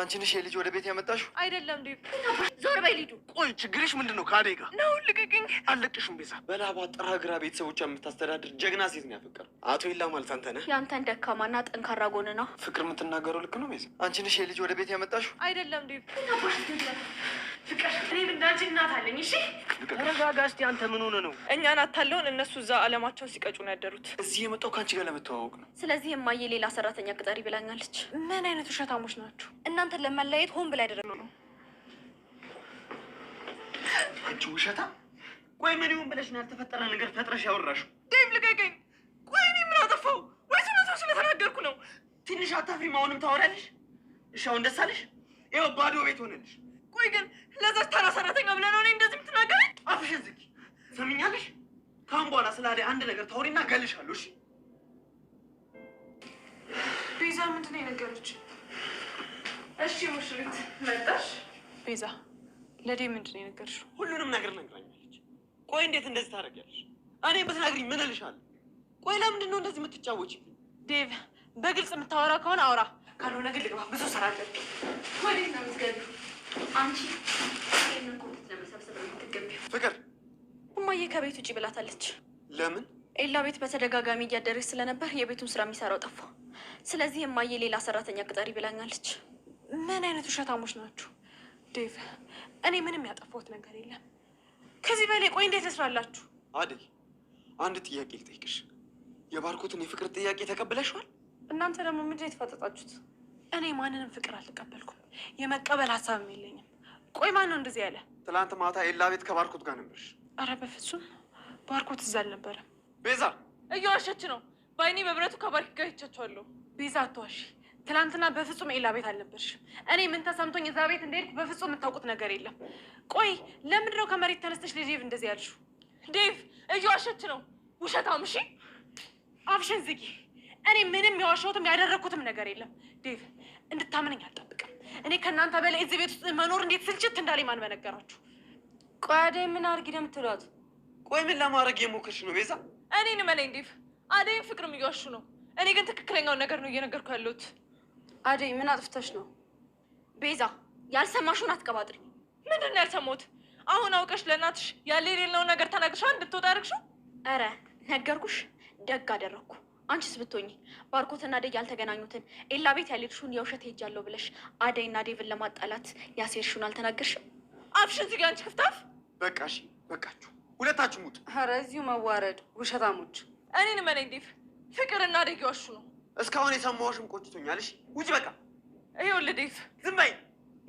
አንቺ ነሽ የልጅ ወደ ቤት ያመጣሽው? አይደለም ዴቭ። ዞር በይ ሊዱ። ቆይ ችግርሽ ምንድን ነው? ከአደይ ጋር ነው። ልቅቅኝ። አልለቅሽም። ቤዛ በላባ ጥራ ግራ ቤተሰቦቿ የምታስተዳድር ጀግና ሴት ነው ያፈቀር አቶ ይላ ማለት አንተ ነህ። ያንተን ደካማና ጠንካራ ጎን ነው ፍቅር የምትናገረው። ልክ ነው ቤዛ። አንቺ ነሽ የልጅ ወደ ቤት ያመጣሽው? አይደለም ዴቭ። ፍቅር እኔም እንዳንቺ እናት አለኝ። እሺ ተረጋጋ እስኪ። አንተ ምን ሆነ ነው? እኛን አታለውን። እነሱ እዛ አለማቸውን ሲቀጩ ነው ያደሩት። እዚህ የመጣው ከአንቺ ጋር ለመተዋወቅ ነው። ስለዚህ የማየ ሌላ ሰራተኛ ቅጠሪ ብላኛለች። ምን አይነት ውሸታሞች ናችሁ? እናንተን ለመለያየት ሆን ብላ ያደረግነው ነው። አንቺ ውሸታ! ቆይ ምን ይሁን ብለሽ ነው ያልተፈጠረ ነገር ፈጥረሽ ያወራሽው? ዴቭ ልቀቀኝ! ቆይ እኔ ምን አጠፋው? ወይስ እውነቱን ስለተናገርኩ ነው? ትንሽ አታፍሪም? አሁንም ታወራለሽ? እሺ አሁን ደስ አለሽ? ይኸው ባዶ ቤት ሆነልሽ። ቆይ ግን ለዛች ተራ ሰራተኛ ብለህ ነው እኔ እንደዚህ የምትናገረኝ? አፍሽን ዝጊ። ሰሚኛለሽ? ከአሁን በኋላ ስላለ አንድ ነገር ታውሪና እገልሻለሁ። እሺ? ቤዛ ምንድን ነው የነገረች? እሺ ሙሽሪት መጣሽ? ቤዛ ለዴ ምንድን ነው የነገርሽ? ሁሉንም ነገር ነግራኛለች። ቆይ እንዴት እንደዚህ ታደርጊያለሽ? እኔ ብትነግሪኝ ምን እልሻለሁ? ቆይ ለምንድን ነው እንደዚህ የምትጫወች? ዴቭ በግልጽ የምታወራ ከሆነ አውራ፣ ካልሆነ ግን ልግባ። ብዙ ስራ አለብኝ። ወዴት ነው የምትገቢው? አንቺ ፍቅር እማዬ ከቤት ውጭ ብላታለች። ለምን? ኤላ ቤት በተደጋጋሚ እያደረች ስለነበር የቤቱን ስራ የሚሰራው ጠፋ። ስለዚህ እማዬ ሌላ ሰራተኛ ቅጠሪ ብላኛለች። ምን አይነት ውሸታሞች ናችሁ? ዴቭ፣ እኔ ምንም ያጠፋሁት ነገር የለም። ከዚህ በላይ ቆይ እንዴት እስራላችሁ? አደይ፣ አንድ ጥያቄ ልጠይቅሽ። የባርኮትን የፍቅር ጥያቄ ተቀብለሽዋል? እናንተ ደግሞ ምንድን የተፋጠጣችሁት? እኔ ማንንም ፍቅር አልተቀበልኩም። የመቀበል ሀሳብም የለኝም። ቆይ ማን ነው እንደዚህ ያለ? ትላንት ማታ ኤላ ቤት ከባርኮት ጋር ነበርሽ? አረ በፍጹም ባርኮት እዛ አልነበረም። ቤዛ እየዋሸች ነው። በአይኔ በብረቱ ከባርክ ጋር ይቻቸዋለሁ። ቤዛ አትዋሽ። ትላንትና በፍጹም ኤላ ቤት አልነበርሽም። እኔ ምን ተሰምቶኝ እዛ ቤት እንደሄድኩ በፍጹም የምታውቁት ነገር የለም። ቆይ ለምንድን ነው ከመሬት ተነስተሽ ለዴቭ እንደዚህ ያልሽው? ዴቭ እየዋሸች ነው። ውሸታም። እሺ አፍሽን እኔ ምንም የዋሸሁትም ያደረግኩትም ነገር የለም። ዴቭ እንድታምንኝ አልጠብቅም። እኔ ከእናንተ በላይ እዚህ ቤት ውስጥ መኖር እንዴት ስልችት እንዳለኝ ማን በነገራችሁ? ቆይ አደይ ምን አድርጊ ነው የምትሏት? ቆይ ምን ለማድረግ የሞከርሽ ነው ቤዛ? እኔን እመነኝ ዴቭ፣ አደይም ፍቅርም እየዋሹ ነው። እኔ ግን ትክክለኛውን ነገር ነው እየነገርኩ ያለሁት። አደይ ምን አጥፍተሽ ነው? ቤዛ ያልሰማሽውን አትቀባጥሪ። ምንድን ነው ያልሰማሁት? አሁን አውቀሽ ለእናትሽ ያለ የሌለውን ነገር ተናግርሻ እንድትወጣ ያደርግሽው? ኧረ ነገርኩሽ፣ ደግ አደረግኩ። አንቺስ ብትሆኝ ባርኮትና አደይ ያልተገናኙትን ኤላ ቤት ያልሄድሽውን የውሸት ሄጃለሁ ብለሽ አደይና ዴቭን ለማጣላት ያሴርሽውን አልተናገርሽም? አፍሽን ዝጊ አንቺ ክፍታፍ። በቃ እሺ፣ በቃችሁ ሁለታችሁ ሙት። ኧረ እዚሁ መዋረድ ውሸታሞች። እኔን እመነኝ ዴቭ፣ ፍቅርና አደይ ዋሹ ነው። እስካሁን የሰማሁሽም ቆጭቶኛል። እሺ ውጪ በቃ ይኸውልህ ዴቭ፣ ዝም በይ።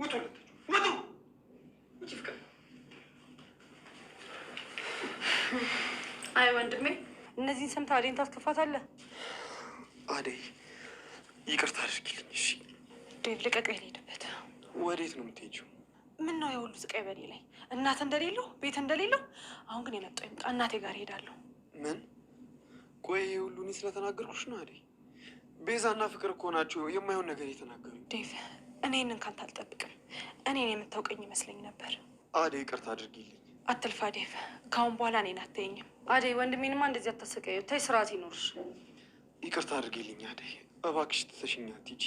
ውጡ፣ ሁለታችሁ ውጡ፣ ውጭ። ፍቅር አይ ወንድሜ፣ እነዚህን ሰምተህ አደይን ታስከፋታለህ። አደይ ይቅርታ አድርጊልኝ። እሺ ዴቭ ልቀቀኝ፣ ልሄድበት። ወዴት ነው የምትሄጂው? ምን ነው የሁሉ ስቃይ በኔ ላይ? እናት እንደሌለው ቤት እንደሌለው። አሁን ግን የመጣው ይምጣ፣ እናቴ ጋር እሄዳለሁ። ምን? ቆይ ይሄ ሁሉ እኔ ስለተናገርኩሽ ነው አደይ? ቤዛና ፍቅር እኮ ናቸው የማይሆን ነገር የተናገሩ። ዴቭ እኔ ይህንን ካንተ አልጠብቅም። እኔን የምታውቀኝ ይመስለኝ ነበር። አደይ ይቅርታ አድርጊልኝ። አትልፋ ዴቭ፣ ከአሁን በኋላ እኔን አትይኝም። አደይ ወንድሜንማ እንደዚህ አታሰቃየው። ተይ ስርዓት ይኖርሽ። ይቅርታ አድርጌልኝ አደይ፣ እባክሽ ትተሽኛት ትሂጂ።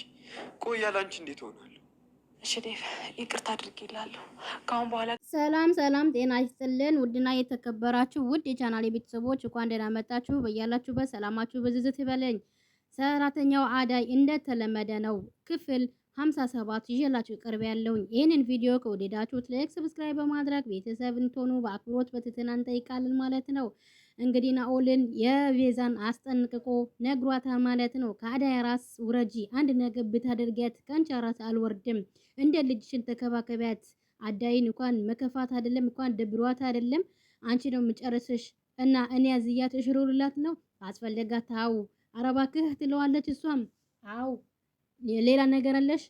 ቆይ ያለ አንቺ እንዴት ሆናለሁ? እሺ ዴቭ፣ ይቅርታ አድርጌላለሁ ከአሁን በኋላ። ሰላም ሰላም፣ ጤና ይስጥልን ውድና የተከበራችሁ ውድ የቻናል ቤተሰቦች እንኳን ደህና መጣችሁ። በያላችሁበት ሰላማችሁ ብዝዝት ይበለኝ። ሰራተኛው አዳይ እንደተለመደ ነው ክፍል 57 ሰባት ይዤላችሁ ቅርብ ያለውኝ። ይህንን ቪዲዮ ከወደዳችሁት ላይክ፣ ሰብስክራይብ በማድረግ ቤተሰብ እንትሆኑ በአክብሮት በትህትና እንጠይቃለን ማለት ነው። እንግዲህ ናኦልን የቤዛን አስጠንቅቆ ነግሯታል ማለት ነው። ከአዳይ ራስ ውረጂ፣ አንድ ነገር ብታደርጊያት ከአንቺ ራስ አልወርድም፣ እንደ ልጅሽን ተከባከቢያት። አዳይን እንኳን መከፋት አይደለም እንኳን ደብሯት አይደለም አንቺ ነው የምጨርስሽ እና እኔ ያዝያት እሽሩላት ነው አስፈለጋት። አው አረባክህ ትለዋለች። እሷም አው ሌላ ነገር አለሽ?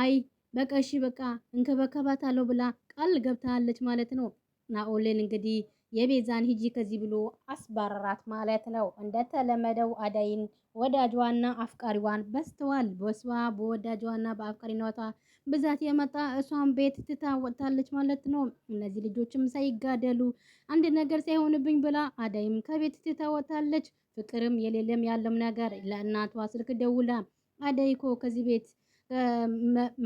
አይ በቃ እሺ በቃ እንከባከባታለሁ ብላ ቃል ገብታለች ማለት ነው ናኦልን እንግዲህ የቤዛን ሂጂ ከዚህ ብሎ አስባረራት ማለት ነው። እንደተለመደው አዳይን ወዳጇና አፍቃሪዋን በስተዋል በስዋ በወዳጇና በአፍቃሪነቷ ብዛት የመጣ እሷን ቤት ትታ ወጥታለች ማለት ነው። እነዚህ ልጆችም ሳይጋደሉ አንድ ነገር ሳይሆንብኝ ብላ አዳይም ከቤት ትታ ወጥታለች። ፍቅርም የሌለም ያለም ነገር ለእናቷ ስልክ ደውላ አዳይኮ። እኮ ከዚህ ቤት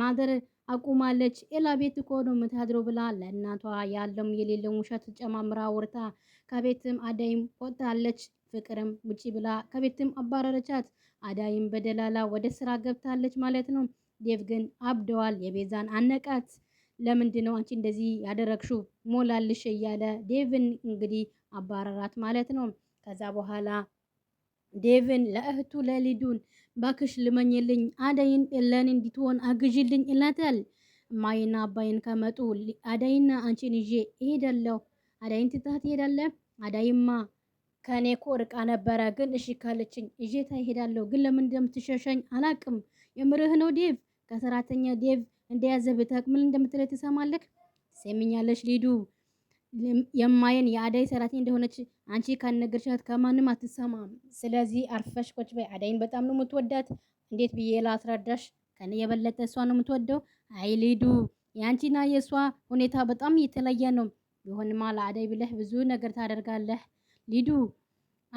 ማደር አቁማለች። ኤላ ቤት እኮ ነው የምታድረው ብላ ለእናቷ ያለም የሌለም ውሸት ጨማምራ ወርታ ከቤትም አዳይም ወጥታለች። ፍቅርም ውጪ ብላ ከቤትም አባረረቻት። አዳይም በደላላ ወደ ስራ ገብታለች ማለት ነው። ዴቭ ግን አብደዋል። የቤዛን አነቃት። ለምንድን ነው አንቺ እንደዚህ ያደረግሽው? ሞላልሽ እያለ ዴቭን እንግዲህ አባረራት ማለት ነው። ከዛ በኋላ ዴቭን ለእህቱ ለሊዱን ባክሽ ልመኝልኝ አደይን ለኔ እንድትሆን አግዥልኝ ይላታል። እማዬና አባይን ከመጡ አደይና አንቺን ይዤ እሄዳለሁ። አደይን ትታት ትሄዳለህ? አደይማ ከኔ እኮ ርቃ ነበረ፣ ግን እሺ ካለችኝ ይዤታ እሄዳለሁ። ግን ለምን እንደምትሸሸኝ አላቅም። የምርህ ነው ዴቭ። ከሰራተኛ ዴቭ እንደያዘ ብታቅ እንደምትለ ትሰማለክ ትሰማለህ? ሊዱ የማየን የአዳይ ሰራተኛ እንደሆነች አንቺ ካነገርሻት ከማንም አትሰማም። ስለዚህ አርፈሽ ቁጭ በይ። አዳይን በጣም ነው የምትወዳት። እንዴት ብዬ ላስረዳሽ? ከኔ የበለጠ እሷ ነው የምትወደው። አይ ሊዱ፣ የአንቺና የእሷ ሁኔታ በጣም የተለየ ነው። ቢሆንማ ለአዳይ ብለህ ብዙ ነገር ታደርጋለህ። ሊዱ፣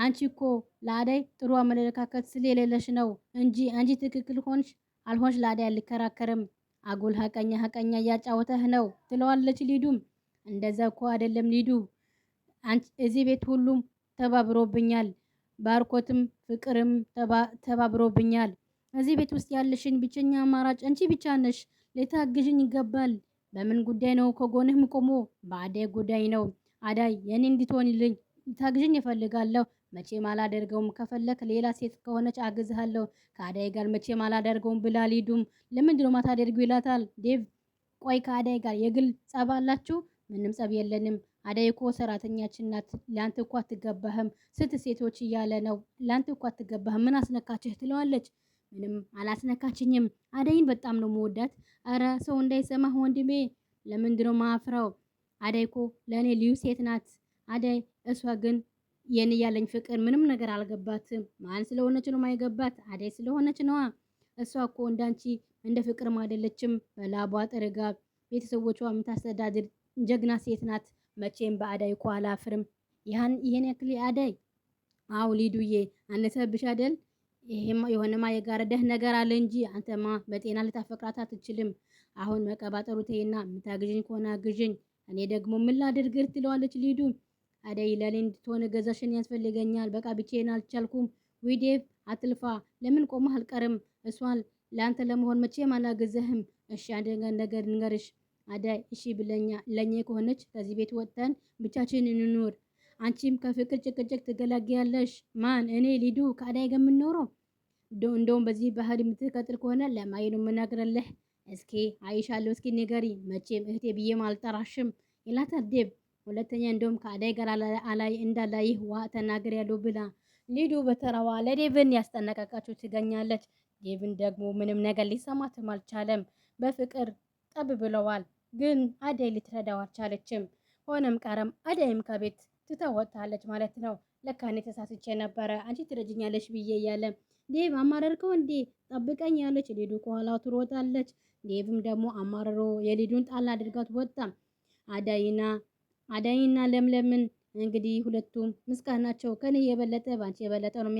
አንቺ እኮ ለአዳይ ጥሩ አመለካከት ስለሌለሽ ነው እንጂ አንቺ ትክክል ሆንሽ አልሆንሽ ለአዳይ አልከራከርም። አጉል ሀቀኛ ሀቀኛ እያጫወተህ ነው ትለዋለች ሊዱም እንደዛ እኮ አይደለም ሊዱ፣ እዚህ ቤት ሁሉም ተባብሮብኛል። ባርኮትም ፍቅርም ተባብሮብኛል። እዚህ ቤት ውስጥ ያለሽን ብቸኛ አማራጭ አንቺ ብቻ ነሽ። ልታግዥኝ ይገባል። በምን ጉዳይ ነው ከጎንህም ቆሞ? በአዳይ ጉዳይ ነው። አዳይ የኔ እንድትሆንልኝ ልታግዥኝ እፈልጋለሁ። መቼም አላደርገውም። ከፈለክ ሌላ ሴት ከሆነች አግዝሃለሁ። ከአዳይ ጋር መቼም አላደርገውም ብላ ሊዱም ለምንድነው ማታደርጊው ይላታል ዴቭ። ቆይ ከአዳይ ጋር የግል ጸብ አላችሁ? ምንም ጸብ የለንም። አደይ እኮ ሰራተኛችን ናት፣ ለአንተ እኮ አትገባህም። ስንት ሴቶች እያለ ነው ለአንተ እኮ አትገባህም፣ ምን አስነካችህ ትለዋለች። ምንም አላስነካችኝም፣ አደይን በጣም ነው መወዳት። ኧረ ሰው እንዳይሰማህ ወንድሜ፣ ለምንድነው ማፍረው? አደይ እኮ ለእኔ ልዩ ሴት ናት። አደይ እሷ ግን የኔ ያለኝ ፍቅር ምንም ነገር አልገባትም። ማን ስለሆነች ነው ማይገባት? አደይ ስለሆነች ነዋ። እሷ እኮ እንዳንቺ እንደ ፍቅርም አይደለችም። በላቧ ጥርጋ ቤተሰቦቿ የምታስተዳድር ጀግና ሴት ናት። መቼም በአዳይ እኮ አላፍርም። ይህን ይሄን ያክል አዳይ አው ሊዱዬ አነሰብሽ አይደል? ይሄማ የሆነማ የጋረደህ ነገር አለ እንጂ አንተማ በጤና ልታፈቅራት አትችልም። አሁን መቀባጠሩ ተይና የምታግዥኝ ከሆነ አግዥኝ፣ እኔ ደግሞ ምን ላድርግ ትለዋለች ሊዱ። አዳይ ለኔ እንድትሆን ገዛሽን ያስፈልገኛል። በቃ ብቻዬን አልቻልኩም። ዊዴቭ አትልፋ፣ ለምን ቆመህ አልቀርም። እሷን ለአንተ ለመሆን መቼም አላገዘህም። እሺ አንድ ነገር ንገርሽ አዳይ እሺ ብለኛ ለኛ ከሆነች ከዚህ ቤት ወጥተን ብቻችን እንኑር። አንቺም ከፍቅር ጭቅጭቅ ትገላግያለሽ። ማን? እኔ ሊዱ ከአዳይ ጋር የምኖረው እንደውም በዚህ ባህል የምትቀጥል ከሆነ ለማየ ነው የምናገረለህ። እስኪ አይሻለሁ፣ እስኪ ንገሪ። መቼም እህቴ ብዬም አልጠራሽም ይላታል ዴብ። ሁለተኛ እንደውም ከአዳይ ጋር አላይ እንዳላይህ ዋ ተናገር ያለው ብላ ሊዱ በተራዋ ለዴቭን ያስጠነቀቃቸው ትገኛለች። ዴቭን ደግሞ ምንም ነገር ሊሰማትም አልቻለም። በፍቅር ጠብ ብለዋል። ግን አደይ ልትረዳው አልቻለችም። ሆነም ቀረም አደይም ከቤት ትታወጣለች ማለት ነው። ለካ እኔ ተሳስቼ ነበረ አንቺ ትረጅኛለች ብዬ እያለ ዴቭ አማረርከው እንዴ ጠብቀኝ ያለች ሊዱ ከኋላ ትሮጣለች። ዴቭም ደግሞ አማረሮ የሊዱን ጣል አድርጋት ወጣ። አዳይና አዳይና ለምለምን እንግዲህ ሁለቱም ምስቃናቸው ከኔ የበለጠ ባንቺ የበለጠ ነው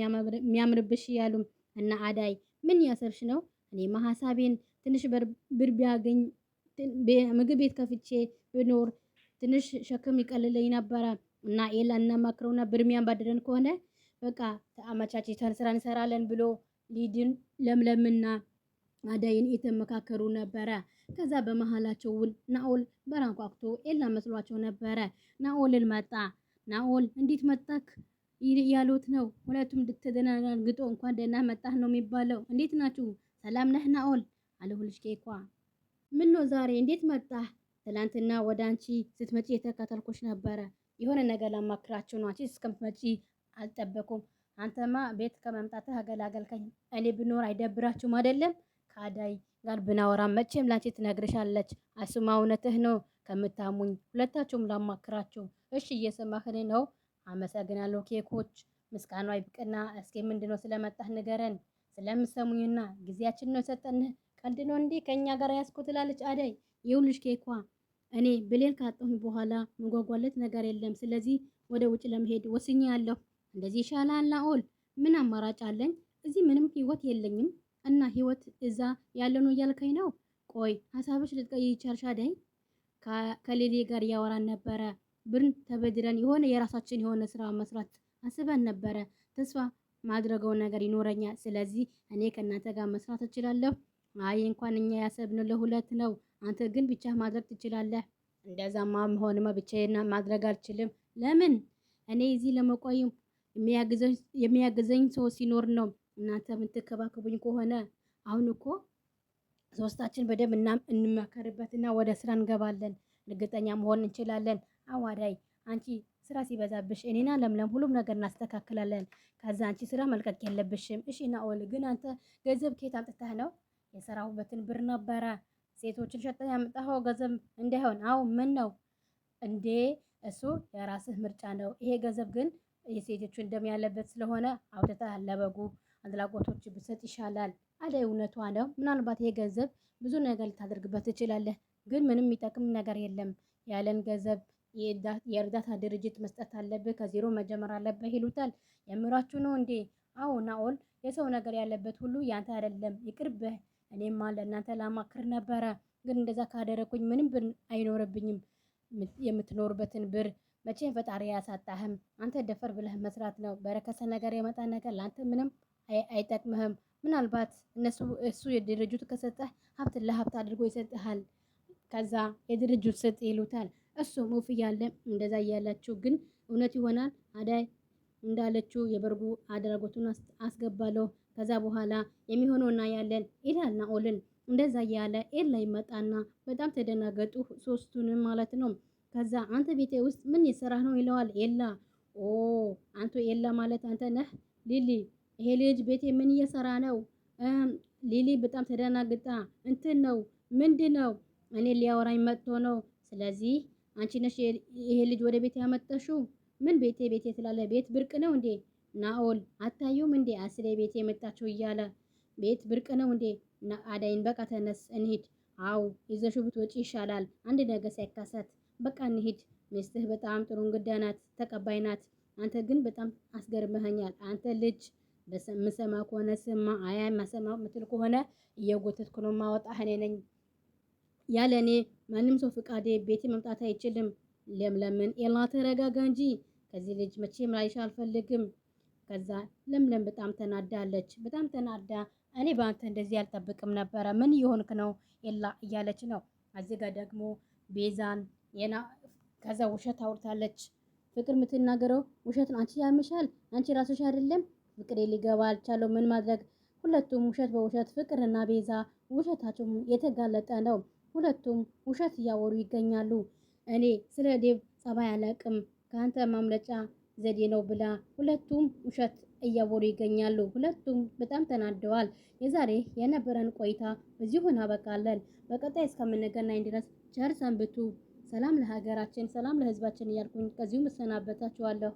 የሚያምርብሽ እያሉ እና አዳይ ምን ያሰርሽ ነው እኔማ ሀሳቤን ትንሽ ብር ቢያገኝ ምግብ ቤት ከፍቼ ብኖር ትንሽ ሸክም ይቀልልኝ ነበረ። እና ኤላ እናማክረውና ብርሚያን ባደረን ከሆነ በቃ አመቻችተን ስራ እንሰራለን ብሎ ሊድን ለምለምና አዳይን የተመካከሩ ነበረ። ከዛ በመሃላቸው ውል ናኦል በራንኳኩቶ ኤላ መስሏቸው ነበረ። ናኦልን መጣ። ናኦል እንዴት መጣክ ያሉት ነው። ሁለቱም ተደናግጦ እንኳን ደህና መጣህ ነው የሚባለው። እንዴት ናችሁ? ሰላም ነህ ናኦል? አለሁልሽ ኬኳ ምን ነው ዛሬ እንዴት መጣህ? ትላንትና ወደ አንቺ ስትመጪ የተከተልኩሽ ነበረ። የሆነ ነገር ላማክራቸው ነው። አንቺ እስከምትመጪ አልጠበቁም። አንተማ ቤት ከመምጣትህ አገላገልከኝ። እኔ ብኖር አይደብራችሁም አይደለም? ከአዳይ ጋር ብናወራ መቼም ላንቺ ትነግርሻለች። አሱማ እውነትህ ነው ከምታሙኝ ሁለታችሁም ላማክራችሁ። እሺ እየሰማህን ነው? አመሰግናለሁ። ኬኮች ምስጋና ይብቅና፣ እስኪ ምንድነው ስለመጣህ ንገረን። ስለምሰሙኝና ጊዜያችን ነው የሰጠንህ ቀልድ ነው እንዴ ከእኛ ጋር ያስኩት ትላለች አደይ። ይኸውልሽ ኬኳ እኔ ብሌን ካጠሁኝ በኋላ መጓጓለት ነገር የለም። ስለዚህ ወደ ውጭ ለመሄድ ወስኜ ያለሁ። እንደዚህ ይሻላል ናኦል። ምን አማራጭ አለኝ? እዚህ ምንም ህይወት የለኝም እና ህይወት እዛ ያለ ነው እያልከኝ ነው? ቆይ ሀሳብሽ ልትቀይሪ ይቻልሽ አደይ? ከሌሌ ጋር ያወራን ነበረ። ብርን ተበድረን የሆነ የራሳችን የሆነ ስራ መስራት አስበን ነበረ። ተስፋ ማድረገው ነገር ይኖረኛል። ስለዚህ እኔ ከእናንተ ጋር መስራት እችላለሁ። አይ እንኳን እኛ ያሰብነው ለሁለት ነው። አንተ ግን ብቻ ማድረግ ትችላለህ። እንደዛማ መሆንማ ብቻዬን ማድረግ አልችልም። ለምን? እኔ እዚህ ለመቆየም የሚያግዘኝ ሰው ሲኖር ነው። እናንተ የምትከባከቡኝ ከሆነ አሁን እኮ ሶስታችን በደንብ እና እንመከርበትና ወደ ስራ እንገባለን። እርግጠኛ መሆን እንችላለን። አዋዳይ አንቺ ስራ ሲበዛብሽ እኔና ለምለም ሁሉም ነገር እናስተካክላለን። ከዛ አንቺ ስራ መልቀቅ የለብሽም። እሺ ናኦል፣ ግን አንተ ገንዘብ ከየት አምጥተህ ነው የሰራሁበትን ብር ነበረ። ሴቶችን ሸጠ ያመጣኸው ገንዘብ እንዳይሆን። አዎ ምን ነው እንዴ? እሱ የራስህ ምርጫ ነው። ይሄ ገንዘብ ግን የሴቶችን ደም ያለበት ስለሆነ አውጥተህ ለበጉ አድራጎቶች ብሰጥ ይሻላል አለ። እውነቷ ነው። ምናልባት ይሄ ገንዘብ ብዙ ነገር ልታደርግበት ትችላለህ፣ ግን ምንም የሚጠቅም ነገር የለም። ያለን ገንዘብ የእርዳታ ድርጅት መስጠት አለብህ፣ ከዜሮ መጀመር አለብህ ይሉታል። የምራችሁ ነው እንዴ? አዎ ናኦል፣ የሰው ነገር ያለበት ሁሉ ያንተ አይደለም፣ ይቅርብህ እኔማ ለእናንተ ላማክር ነበረ፣ ግን እንደዛ ካደረኩኝ ምንም ብር አይኖርብኝም። የምትኖርበትን ብር መቼም ፈጣሪ ያሳጣህም። አንተ ደፈር ብለህ መስራት ነው። በረከሰ ነገር የመጣ ነገር ለአንተ ምንም አይጠቅምህም። ምናልባት እነሱ እሱ የድርጅቱ ከሰጠህ ሀብት ለሀብት አድርጎ ይሰጥሃል። ከዛ የድርጅቱ ስጥ ይሉታል። እሱ ሙፍ እያለ እንደዛ እያላችሁ ግን እውነት ይሆናል። አዳይ እንዳለችው የበርጉ አድራጎቱን አስገባለሁ ከዛ በኋላ የሚሆነውና ያለን ኢላልና ኦልን እንደዛ እያለ ኤላ ላይ መጣና በጣም ተደናገጡ፣ ሶስቱንም ማለት ነው። ከዛ አንተ ቤቴ ውስጥ ምን የሰራህ ነው ይለዋል ኤላ። ኦ አንተ ኤላ ማለት አንተ ነህ ሊሊ፣ ይሄ ልጅ ቤቴ ምን እየሰራ ነው? ሊሊ በጣም ተደናግጣ እንትን ነው ምንድን ነው እኔ ሊያወራኝ መጥቶ ነው። ስለዚህ አንቺ ነሽ ይሄ ልጅ ወደ ቤት ያመጣሽው? ምን ቤቴ ቤቴ ስላለ ቤት ብርቅ ነው እንዴ? ናኦል አታዩም እንዴ አስሌ ቤት የመጣችው እያለ ቤት ብርቅ ነው እንዴ? አዳይን በቃ ተነስ እንሂድ። አው ይዘሹ ብትወጪ ይሻላል፣ አንድ ነገር ሳይካሰት በቃ እንሂድ። ሚስትህ በጣም ጥሩ እንግዳ ናት፣ ተቀባይ ናት። አንተ ግን በጣም አስገርመኸኛል። አንተ ልጅ ምሰማ ከሆነ ስማ፣ አያ ማሰማ ምትል ከሆነ እየጎተትኩ ነው ማወጣህ እኔ ነኝ። ያለ እኔ ማንም ሰው ፍቃዴ ቤቴ መምጣት አይችልም። ለምለምን ኤላ ተረጋጋ እንጂ ከዚህ ልጅ መቼም ላይሽ አልፈልግም። ከዛ ለምለም በጣም ተናዳለች። በጣም ተናዳ እኔ በአንተ እንደዚህ አልጠብቅም ነበረ፣ ምን የሆንክ ነው የላ እያለች ነው። እዚህ ጋር ደግሞ ቤዛን የና ከዛ ውሸት አውርታለች። ፍቅር የምትናገረው ውሸትን አንቺ ያምሻል፣ አንቺ ራስሽ አይደለም ፍቅሬ ሊገባ አልቻለው። ምን ማድረግ ሁለቱም ውሸት በውሸት ፍቅርና ቤዛ ውሸታቸው የተጋለጠ ነው። ሁለቱም ውሸት እያወሩ ይገኛሉ። እኔ ስለ ዴብ ጸባይ አላቅም ከአንተ ማምለጫ ዘዴ ነው ብላ ሁለቱም ውሸት እያወሩ ይገኛሉ። ሁለቱም በጣም ተናደዋል። የዛሬ የነበረን ቆይታ በዚሁ እናበቃለን። በቀጣይ እስከምንገናኝ ድረስ ቸር ሰንብቱ። ሰላም ለሀገራችን፣ ሰላም ለሕዝባችን እያልኩኝ ከዚሁም እሰናበታችኋለሁ።